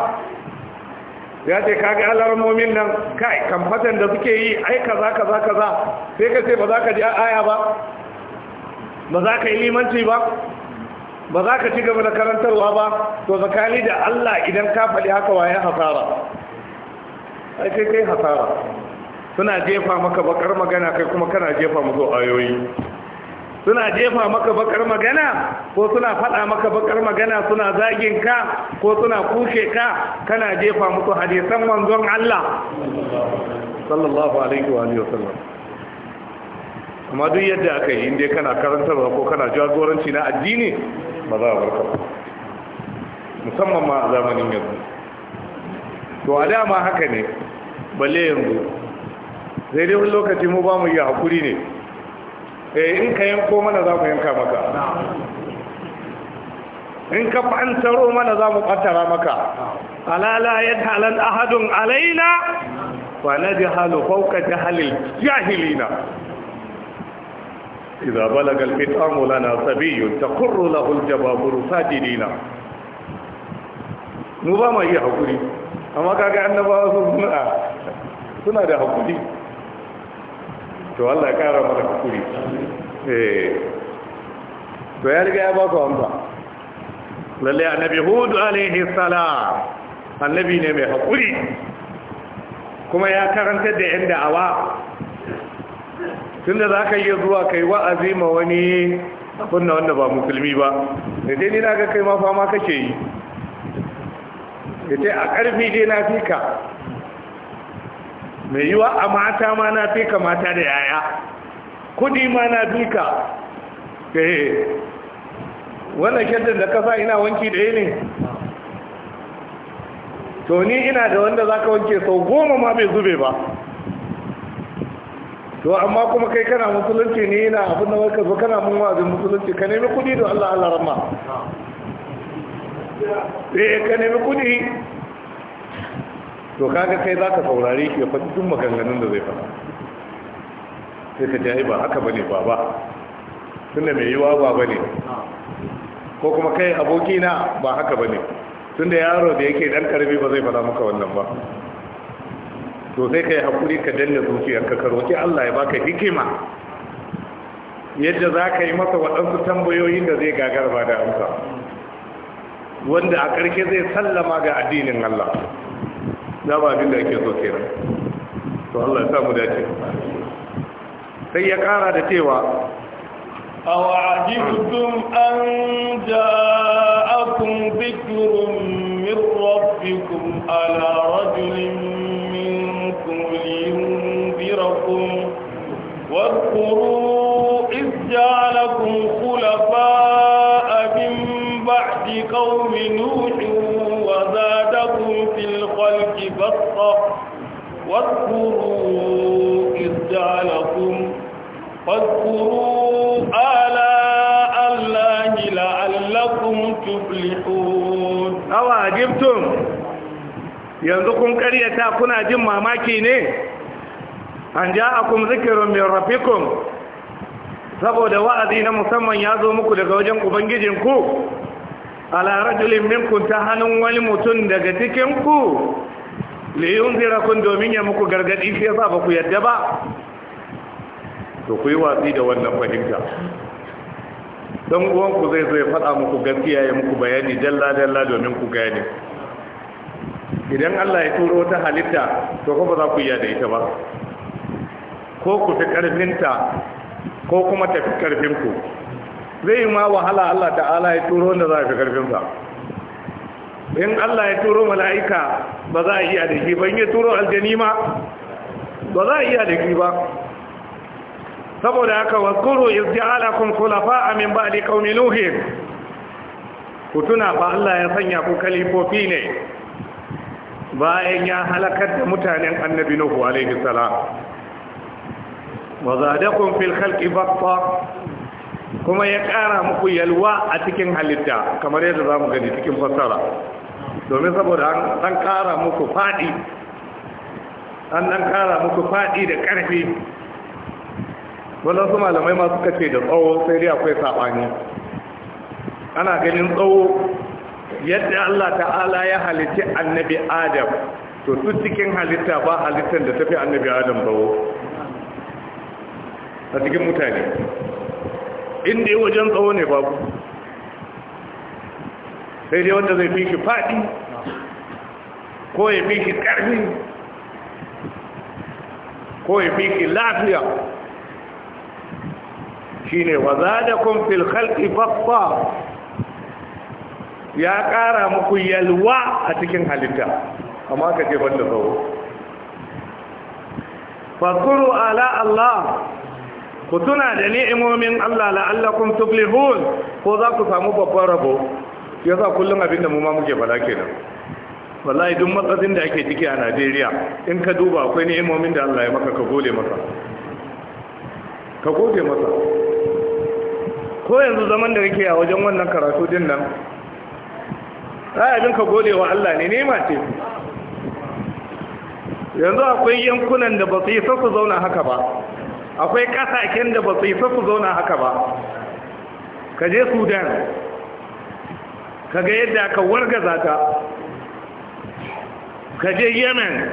ya ce kaga momin nan kai kamfatan da suke yi ai kaza kaza kaza sai ka ce ba za ka ji aya ba ba za ka yi limanci ba ba za ka ci gaba da karantarwa ba to zakali da Allah idan ka faɗi haka waye hasara ai kai kai hasara suna jefa maka bakar magana kai kuma kana jefa mu zo ayoyi suna jefa maka bakar magana ko suna faɗa maka bakar magana suna zagin ka ko suna kushe ka kana jefa musu hadisan manzon Allah sallallahu alaihi wa alihi wasallam amma duk yadda aka yi inda kana karantarwa ko kana jagoranci na addini ba za a barka ba, musamman ma a zamanin yanzu to a dama haka ne balle yanzu sai dai wani lokaci mu ba mu yi hakuri ne Eh, in ka yanko mana za mu yanka maka in ka fantaro mana za mu fantara maka alala ya talan ahadun alaina wa na jihalu fauka jihalil jahilina إذا بلغ الفتام لنا صبي تقر له الجبابر ساجدين mu ba ma iya haƙuri amma kaga annabawa su suna da haƙuri to Allah ya kara mana kuri eh. to ya riga ya ba ku amsa lalle annabi hud alaihi salam annabi ne mai hakuri kuma ya karanta da yan da'awa tunda zaka yi zuwa kai wa'azi ma wani kunna wanda ba musulmi ba da dai ni naga kai ma fama kake yi da a karfi dai na fika mai yiwa a mata ma na fi ka mata da yaya kudi ma na fi ka eh. wannan shaddar da kasa ina wanki da ne to ni ina da wanda za ka wanke sau goma ma bai zube ba to amma kuma kai kana musulunci ne yana abin da warka zuwa kana mun abin musulunci ka nemi kudi da Allah Allah rama ɗaya eh, ka nemi kudi to kaga kai za ka saurare shi ya faɗi duk maganganun da zai faɗa sai ka jayi ba haka bane ba ba tunda mai yiwa ba bane ko kuma kai abokina ba haka bane tunda yaro da yake dan karbi ba zai faɗa maka wannan ba to sai kai hakuri ka danna zuciyar ka ki Allah ya baka hikima yadda za ka yi masa waɗansu tambayoyin da zai gagar da amsa wanda a ƙarshe zai sallama ga addinin Allah dama abin da ake so kenan to Allah ya samu dace sai ya kara da cewa aw ajibtum an ja'akum dhikrun min rabbikum ala rajulin minkum liyunzirakum واذكروا إذ جعلكم خلفاء من بعد قوم نوح واذكروا إذ جعلكم واذكروا آلاء الله لعلكم تفلحون أو عجبتم ينذكم كرية كنا جمع ماكيني an جاءكم ذكر من ربكم saboda wa'azi na musamman ya zo muku daga wajen ubangijinku ala rajulin minkum ta hannun wani mutum daga cikinku zira kun domin ya muku gargadi shi yasa ba ku yadda ba to ku yi watsi da wannan fahimta don uwanku zai zai faɗa muku gaskiya ya muku bayani dalla-dalla domin ku gane idan Allah ya turo ta halitta to ko ba za ku yi ita ba ko ku fi ƙarfinta ko kuma tafi ƙarfinku zai yi ma wahala Allah ta'ala ya turo wanda za fi ƙarfinsa in Allah ya turo mala'ika ba za a iya da shi ba in ya turo aljani ma ba za a iya da shi ba saboda haka waskuru izja'alakum khulafa'a min ba'di qaumi nuhin ku tuna ba Allah ya sanya ku kalifofi ne bayan ya halakar da mutanen annabi nuhu alaihi salam wa fil khalqi batta kuma ya ƙara muku yalwa a cikin halitta kamar yadda zamu gani cikin fassara domin saboda an kara muku faɗi an ɗan kara muku faɗi da ƙarfi wadansu malamai ma suka ce da tsawo sai dai akwai saɓani ana ganin tsawo yadda Allah ta'ala ya halitta annabi adam to su cikin halitta ba halittar da tafi annabi adam bawo a cikin mutane inda yi wajen tsawo ne babu sai dai wanda zai fi shi faɗi ko ya fi shi ƙarfi ko ya fi lafiya shi ne wa za da kumfil halki babba ya ƙara muku yalwa a cikin halitta amma ka ce banda tsawo fakuru ala Allah ku tuna da ni'imomin Allah la'allakum tuflihun ko za ku samu babban rabo ya za kullum abin da mu ma muke fada kenan wallahi duk matsatsin da ake ciki a najeriya in ka duba akwai imomin da allah ya maka ka gode masa ka gode masa ko yanzu zaman da kake a wajen wannan karatu din nan ra'ayin ka gode wa allah ne nema ce yanzu akwai yankunan da ba su yi sassu zauna haka ba akwai ƙasashen da ba su yi sassu zauna haka ba ka je sudan kaga yadda aka wargaza ta kaje yemen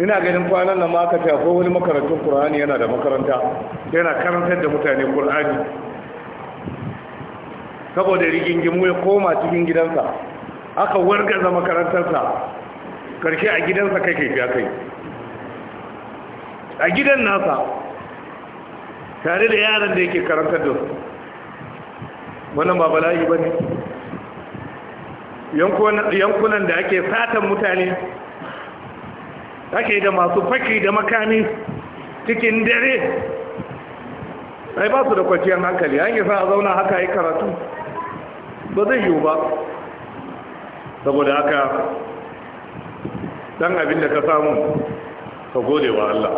ina ganin kwanan nan ma aka ce akwai wani makarantun qur'ani yana da makaranta yana karantar da mutane qur'ani saboda rigingimu ya koma cikin gidansa aka wargaza makarantarsa karshe a gidansa kake kai kai a gidan nasa tare da yaran da yake karantar da su wannan ba bala'i ba ne yankunan da ake satan mutane ake da masu faki da makami cikin dare ai ba su da kwanciyar hankali an yi sa a zauna haka yi karatu ba zai yiwu ba saboda haka dan abin da ka samu ka gode wa Allah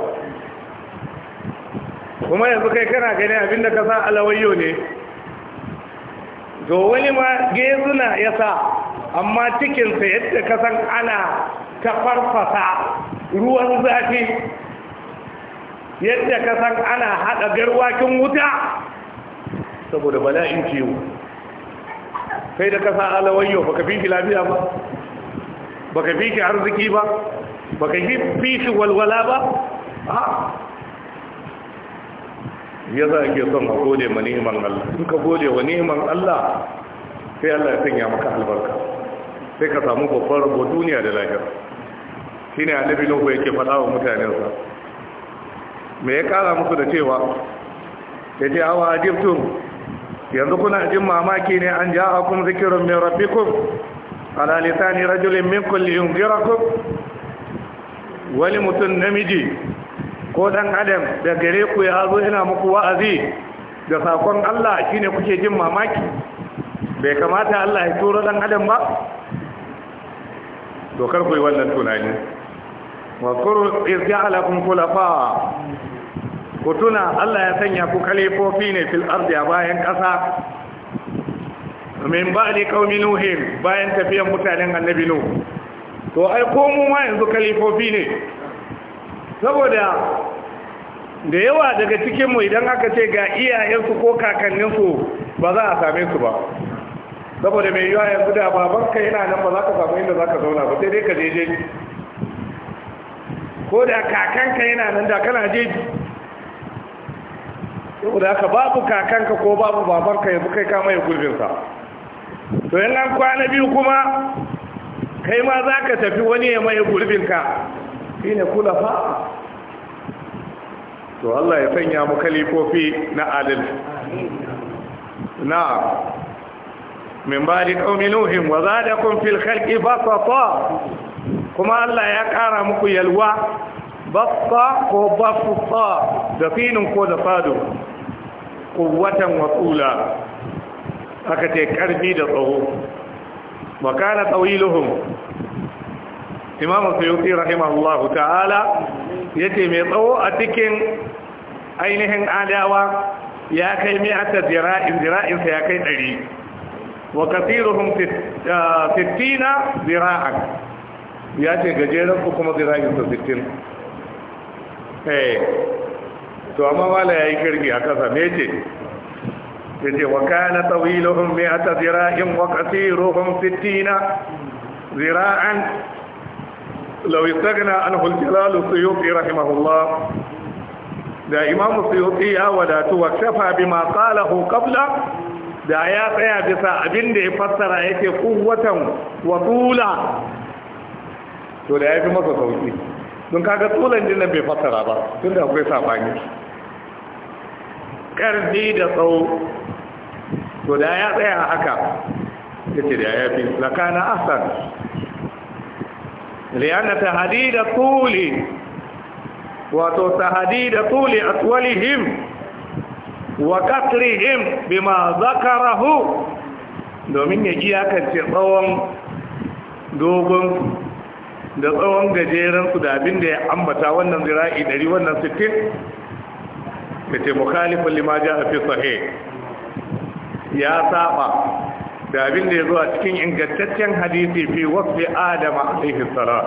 kuma yanzu kai kana gani abin da ka sa alawayyo ne to wani ma gezuna ya sa amma cikinsa yadda ka san ana ta farfasa ruwan zafi yadda ka san ana haɗa garwakin wuta saboda bala'in ciwo kai da ka kasa alawayyo baka fi shi lafiya ba baka fi shi arziki ba baka fi shi walwala ba ya za ke son a gode ma ni'imar Allah in ka gode wa ni'imar Allah sai Allah ya sanya maka albarka sai ka samu babban rabo duniya da shi ne annabi nuhu yake faɗa wa mutanensa me ya kara musu da cewa ya ce awa ajibtum yanzu kuna jin mamaki ne an ja a kuma zikirin mai rabbikum alalita ne rajulin yin girakun wani mutum namiji ko dan adam da gare ku ya zo ina muku wa'azi da sakon Allah shine kuke jin mamaki bai kamata Allah ya turo dan adam ba Dokar kar ku yi wannan tunani wa kuru izja'alakum khulafa ku tuna Allah ya sanya ku kalifofi ne fil ardi a bayan kasa min ba'di qaumi nuhin bayan tafiyan mutanen annabi nuh to ai ko mu ma yanzu kalifofi ne saboda da yawa daga cikin mu idan aka ce ga su ko kakanninsu ba za a same su ba saboda mai yiwa yanzu da babanka yana nan ba za ka samu inda za ka zauna ba sai dai ka je jeji ko da kakanka yana nan da kana jeji saboda haka babu kakanka ko babu babanka yanzu kai kama ya sa to yan nan kwana biyu kuma kai ma za ka tafi wani ya maye gurbin shi ne kula fa to Allah ya sanya mu kalifofi na adal. na'am من بعد عملوهم وزادكم في الخلق بسطا كما الله يكار كي يلوى بسطا وبسطا دفين كود فادو قوة وطولا أكتي كربي دطوه وكان طويلهم إمام السيوطي رحمه الله تعالى يتم يطوه أتكين أينهم آلاوة يا كي مئة ذراع ذراع سيا كي وكثيرهم في آه، التين ذراعا ياتي جزيرة كما ذراع في التين ايه تو اما والا اي كرغي اكاسا ميجي ميجي وكان طويلهم مئة ذراع وكثيرهم في التين ذراعا لو استغنى عنه الجلال السيوطي رحمه الله ذا امام السيوطي اولا آه، توكفى بما قاله قبل da ya tsaya bisa abin da ya fassara yake kuwatan wa tula to da ya fi masa sauki don kaga tulan din nan bai fassara ba tun da akwai sabani karni da tsawo to da ya tsaya haka ce da ya fi lakana ta hadi da tuli wato ta da tuli atwalihim wa katrihim bima zakarahu domin ya ce tsawon dogon da tsawon gajeransu da abin da ya ambata wannan zira'i 100 wannan 60 da ce mukhalifin limaja a fi sahi ya saba da abin da ya zuwa cikin ingantaccen hadisi fi wasu adama alaihi salam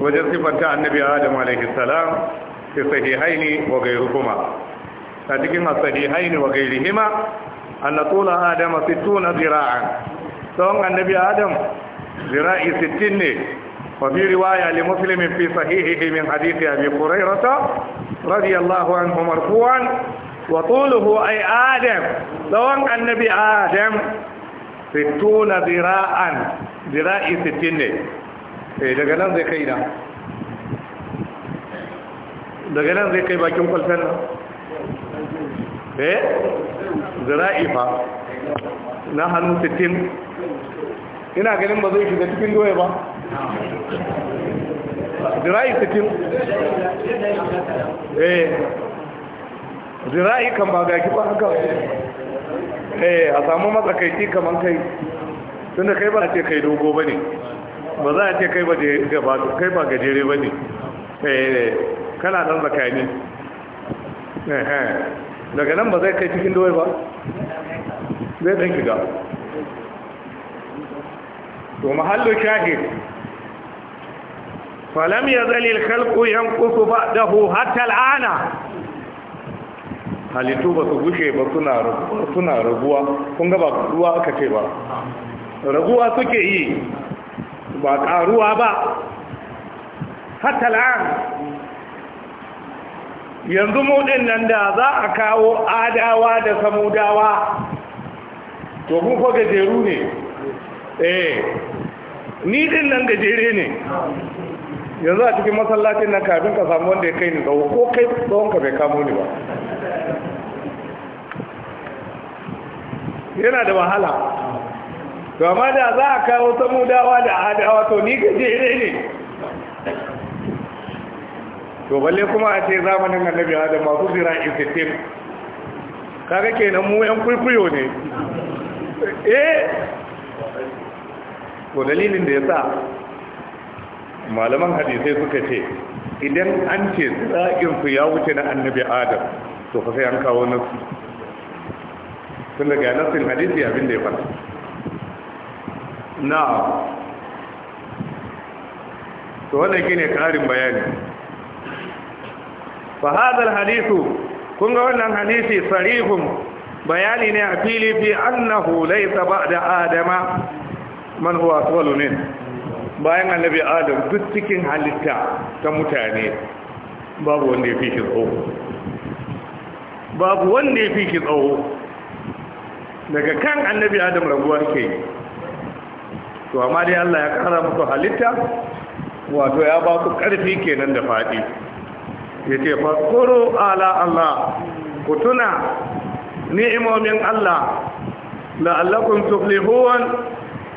wajen siffanta annabi adam alaihi salam fi haini wa gairu kuma a cikin as-sahihaini wa ghayrihima anna tula adama 60 zira'an tsawon annabi adam zira'i sittin ne wa fi riwaya li muslimin fi sahihihi min hadithi abi hurairata radiyallahu anhu marfu'an wa tuluhu ai adam tsawon annabi adam 60 zira'an zira'i 60 ne sai eh, daga nan zai kai da daga nan zai kai bakin kwalfan nan eh zira'i fa na hannu 60 ina ganin ba zai shiga cikin doye ba zira'i 60 eh zira'i kan ba gaki ba haka eh a samu matsakaici kaman kai tunda kai ba ce kai dogo ba ne ba za a ce kai ba gajere ba ne eh, kana ɗan zakani daga nan ba zai kai cikin doyi ba zai ɗan shiga to mahallo shahid falam ya zalil kalku yanqusu ba'dahu hatta al'ana halittu ba su gushe ba suna raguwa kun ga ba ruwa aka ce ba raguwa suke yi ba ƙaruwa ba hatta al'ana yanzu mudin nan da za a kawo adawa da samudawa to kuka gajeru ne eh ni din nan gajere ne yanzu a cikin masallacin nan kafin ka samu wanda ya kai ni tsawo ko kai tsawonka ka bai kamo ni ba yana da wahala to amma da za a kawo samudawa da adawa to ni gajere ne to balle kuma a ce zamanin annabi adam masu zira sittin kaga kenan mu yan kwaikwayo ne eh Ko dalilin da ya sa malaman hadisai suka ce idan an ce su ya wuce na annabi adam to fa sai an kawo nasu tun daga nasin hadisi abin da ya fara na to wannan shine karin bayani fa hadal hadithu kun wannan hadisi sarihun bayani ne a fili fi annahu laysa ba'da adama man huwa aswalu min bayan annabi adam duk cikin halitta ta mutane babu wanda ya fi shi tsawo babu wanda ya fi shi tsawo daga kan annabi adam raguwa ke yi to amma dai Allah ya kara musu halitta wato ya ba ku karfi kenan da faɗi. ya ce faskuru ala Allah ku tuna ni'imomin Allah la'allakum tuflihun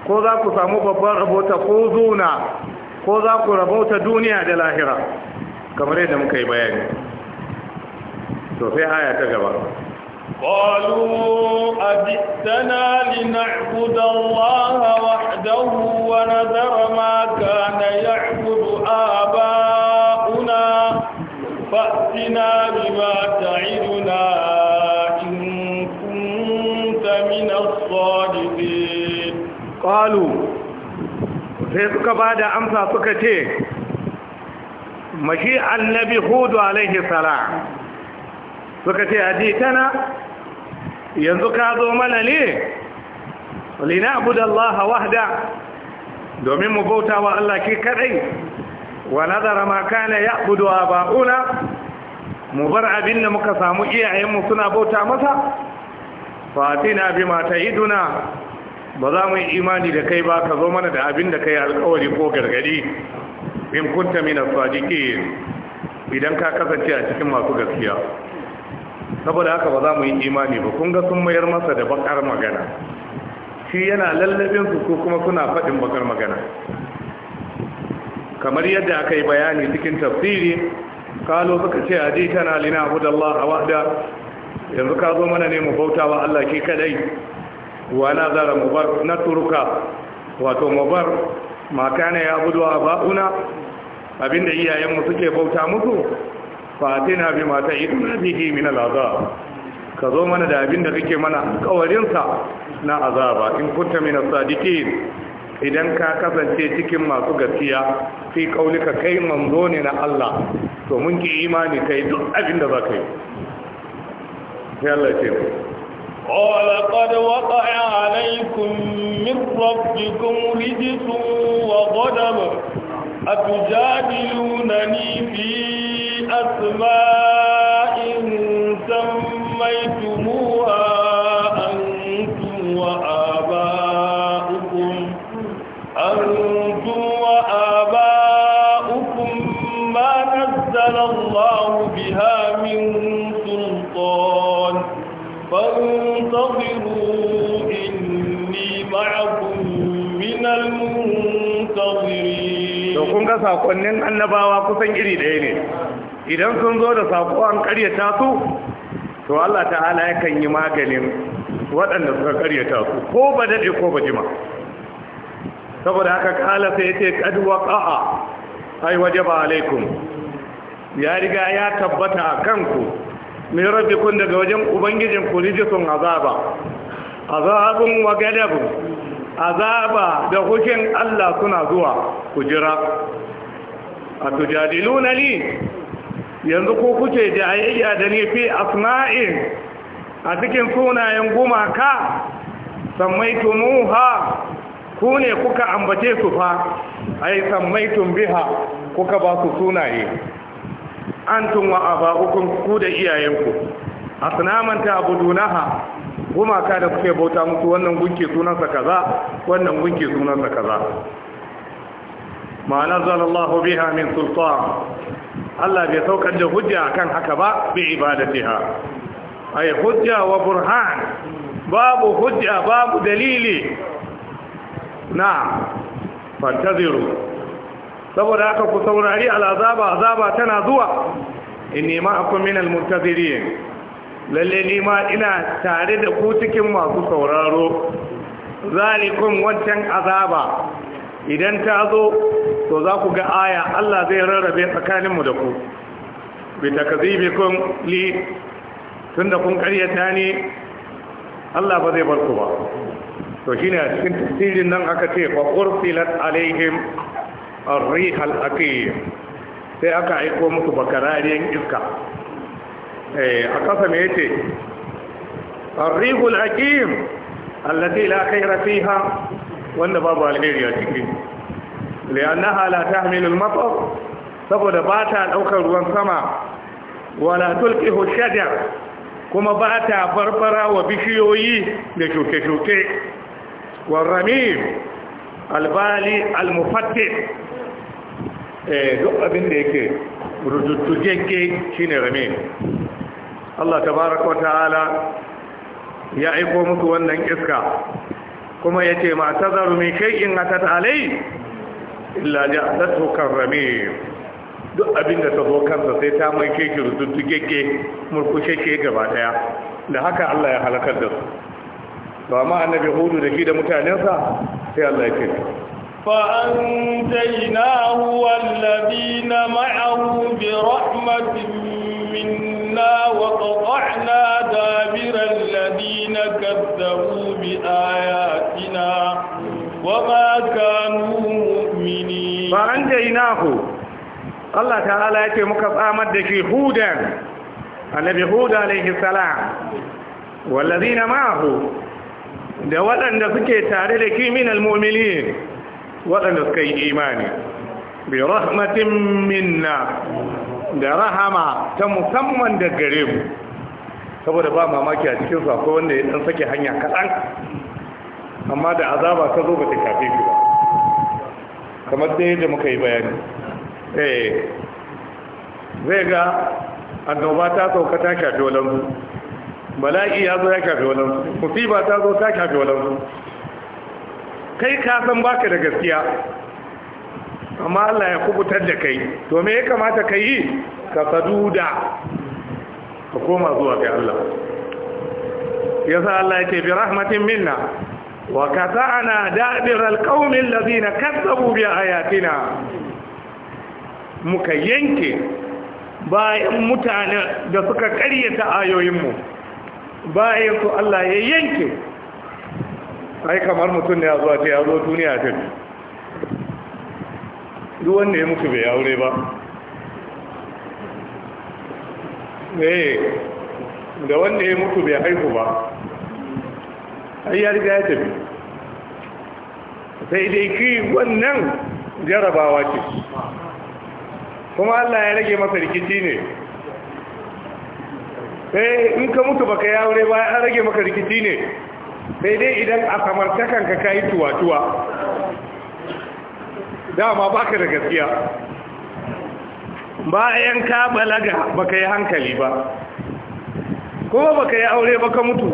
ko za ku samu babban rabota ko zuna ko za ku rabota duniya da lahira kamar yadda muka yi bayani to sai haya ta gaba قالوا أجئتنا لنعبد الله وحده ونذر ما كان يعبد آباؤنا فأتنا بما تعدنا إن كنت من الصادقين قالوا sai suka ba da amsa suka ce mashi annabi hudu alaihi salam suka ce ajitana yanzu ka zo mana ne lina abu da Allah wahda domin mu bauta wa Allah ke kaɗai? wa nazara ma kana ya'budu aba'una mu bar abin da muka samu iyayenmu suna bauta masa fatina bima ta'iduna ba za mu yi imani da kai ba ka zo mana da abin da kai alkawari ko gargadi in kunta min as-sadiqin idan ka kasance a cikin masu gaskiya saboda haka ba za mu yi imani ba kun ga sun mayar masa da bakar magana shi yana lallabin su ko kuma suna faɗin bakar magana kamar yadda aka yi bayani cikin tafsiri kalo suka ce aji tana lina Abudallah a wahda yanzu ka zo mana ne mu bauta wa Allah ke kadai wa na zara mu bar na turuka wato mubar maka ne ya gudu a ba'una abinda iyayenmu suke bauta muku fatina bi mata iduna bihi min al'azab ka zo mana da abinda kake mana kawarinsa na azaba in kunta min as-sadiqin idan ka kasance cikin masu gasiya fi kaulika kai manzo ne na Allah to mun ki imani kai duk abin da zaka yi sai Allah ya ce wala qad waqa'a alaykum min rabbikum rijsun wa ghadab atujadilunani fi asma'in sammaytumuha sakonnin annabawa kusan iri ɗaya ne idan sun zo da sako an karyata su to Allah ta'ala yakan yi maganin waɗanda suka karyata su ko ba daɗe ko ba jima saboda haka kala sai ce ƙa'a ai waje ba alaikum ya riga ya tabbata a kanku min kun daga wajen ubangijin ku rijisun azaba azabun wa gadabun azaba da hukin Allah suna zuwa ku jira atujadiluna li yanzu ko kuke jayayya da ni fi asma'in a cikin sunayen gumaka sammaitumuha ku ne kuka ambace su fa ai sammaitun biha kuka ba su sunaye antum wa aba'ukum ku da iyayenku asnaman ta'budunaha gumaka da kuke bauta musu wannan gunki sunansa kaza wannan gunki sunansa kaza ma nazzalallahu biha min sultan Allah bai saukar da hujja akan haka ba bi ibadatiha ay hujja wa burhan babu hujja babu dalili na'am fantaziru saboda haka ku saurari al'azaba azaba tana zuwa inni ma akum min al lalle ni ma ina tare da ku cikin masu sauraro zalikum wancan azaba idan ta zo to za ku ga aya Allah zai rarrabe tsakaninmu da ku bi takzibikum li tunda kun karyata ne Allah ba zai bar ku ba to shine a cikin tafsirin nan aka ce fa ursilat alaihim ar-rih al-aqim sai aka aiko musu bakarariyar iska eh a kasa me yace ar-rih al-aqim allati la khayra fiha wanda babu alheri a ciki li'annaha halata tahmilu al-matar saboda ba ta daukar ruwan sama wala tulqihu shajar kuma ba ta barbara wa bishiyoyi da shuke-shuke warramim albali almufatti eh duk abin da yake ruduttujeke shine rami. Allah tabaraka wa ta'ala ya aiko muku wannan iska kuma ya ce ma ta zaru mai shaikin a ta alai illa ja ta rame duk abinda ta zo kansa sai ta mai keke rututu keke murkushe ke gaba daya da haka Allah ya halakar da su ba ma annabi hudu da shi da mutanensa sai Allah ya ce فأنجيناه والذين معه برحمة منا وقطعنا دابر الذين كذبوا بآياتنا وما كانوا مؤمنين فأنجيناه الله تعالى يكي آمد دكي هودا النبي هود عليه السلام والذين معه دوالا waɗanda تاريكي من المؤمنين waɗanda suka yi imani bi rahmatin minna da rahama ta musamman da gare mu saboda ba mamaki a cikin akwai wanda ya dan sake hanya kaɗan amma da azaba ta zo ba ta kafe ku ba kamar dai da muka yi bayani eh zai ga annoba ta sauka ta shafi walansu bala'i ya zo ya shafi walansu musiba ta zo ta shafi walansu kai ka san baka da gaskiya amma Allah ya kubutar da kai to me ya kamata ka yi ka saduda ka koma zuwa ga Allah sa Allah yake bi rahmatin minna wa kata'ana da'iral qaumin ladina kazzabu bi ayatina muka yanke bayan mutane da suka karyata ayoyinmu bayan su Allah ya yanke ai kamar mutum ne a zuwa ce ya zo duniya ta duk wanda ya mutu bai aure ba eh da wanda ya mutu bai haihu ba ai ya riga ya tafi sai dai ki wannan jarabawa ce kuma Allah ya rage masa rikici ne sai eh, in ka mutu baka ya aure ba an rage maka rikici ne sai dai idan a samartakan ka kayi tuwa-tuwa dama baka da gaskiya bayan ka balaga baka yi hankali ba kuma baka yi aure baka mutu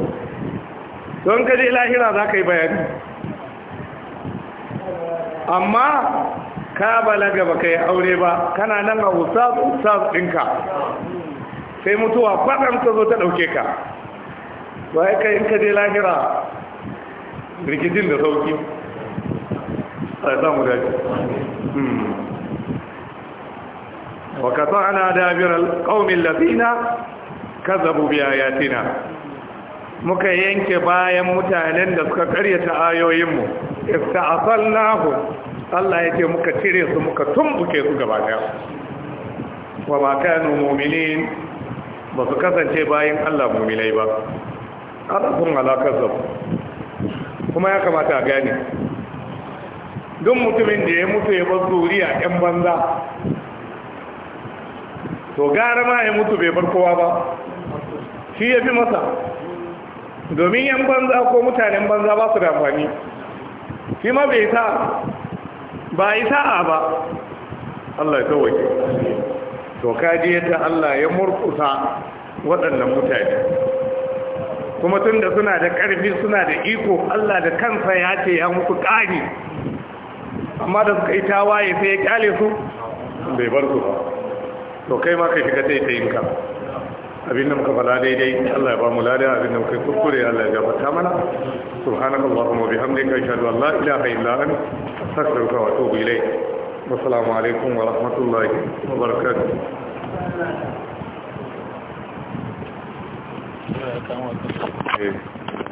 don ka je lahira za ka yi bayani amma ka balaga baka yi aure ba kana nan a usas-usas ɗinka sai mutuwa kwaɗan ta zo ta ɗauke ka ba ya kai in ka lahira rikicin da sauki a samu daji wa ka ana dabirar ƙaunin latina ka zabu biya yatina muka yanke bayan mutanen da suka karyata ayoyinmu ifta asal nahu Allah ya ce muka cire su muka tumbuke su gaba daya wa ba kanu mu'minin ba su kasance bayan Allah mu'minai ba arafin zafi. kuma ya kamata a gane don mutumin da ya mutu ya bar zuriya yan banza to gara ma ya mutu bai bar kowa ba shi ya fi masa domin yan banza ko mutanen banza ba su da amfani shi ma bai sa, ba yi sa'a ba Allah ya kawai to kaji yadda Allah ya murkusa waɗannan mutane kuma tun da suna da ƙarfi suna da iko Allah da kansa ya ce ya musu ƙari amma da suka yi tawaye sai ya ƙyale su bai bar su ba to kai ma kai shiga sai ta yinka abin da muka fala daidai Allah ya ba mu lada abin da muka kuskure Allah ya gafarta mana subhanaka allahumma bihamdika ashhadu an la ilaha illa anta astaghfiruka wa atubu ilayk wa assalamu alaikum wa rahmatullahi wa barakatuh 等我过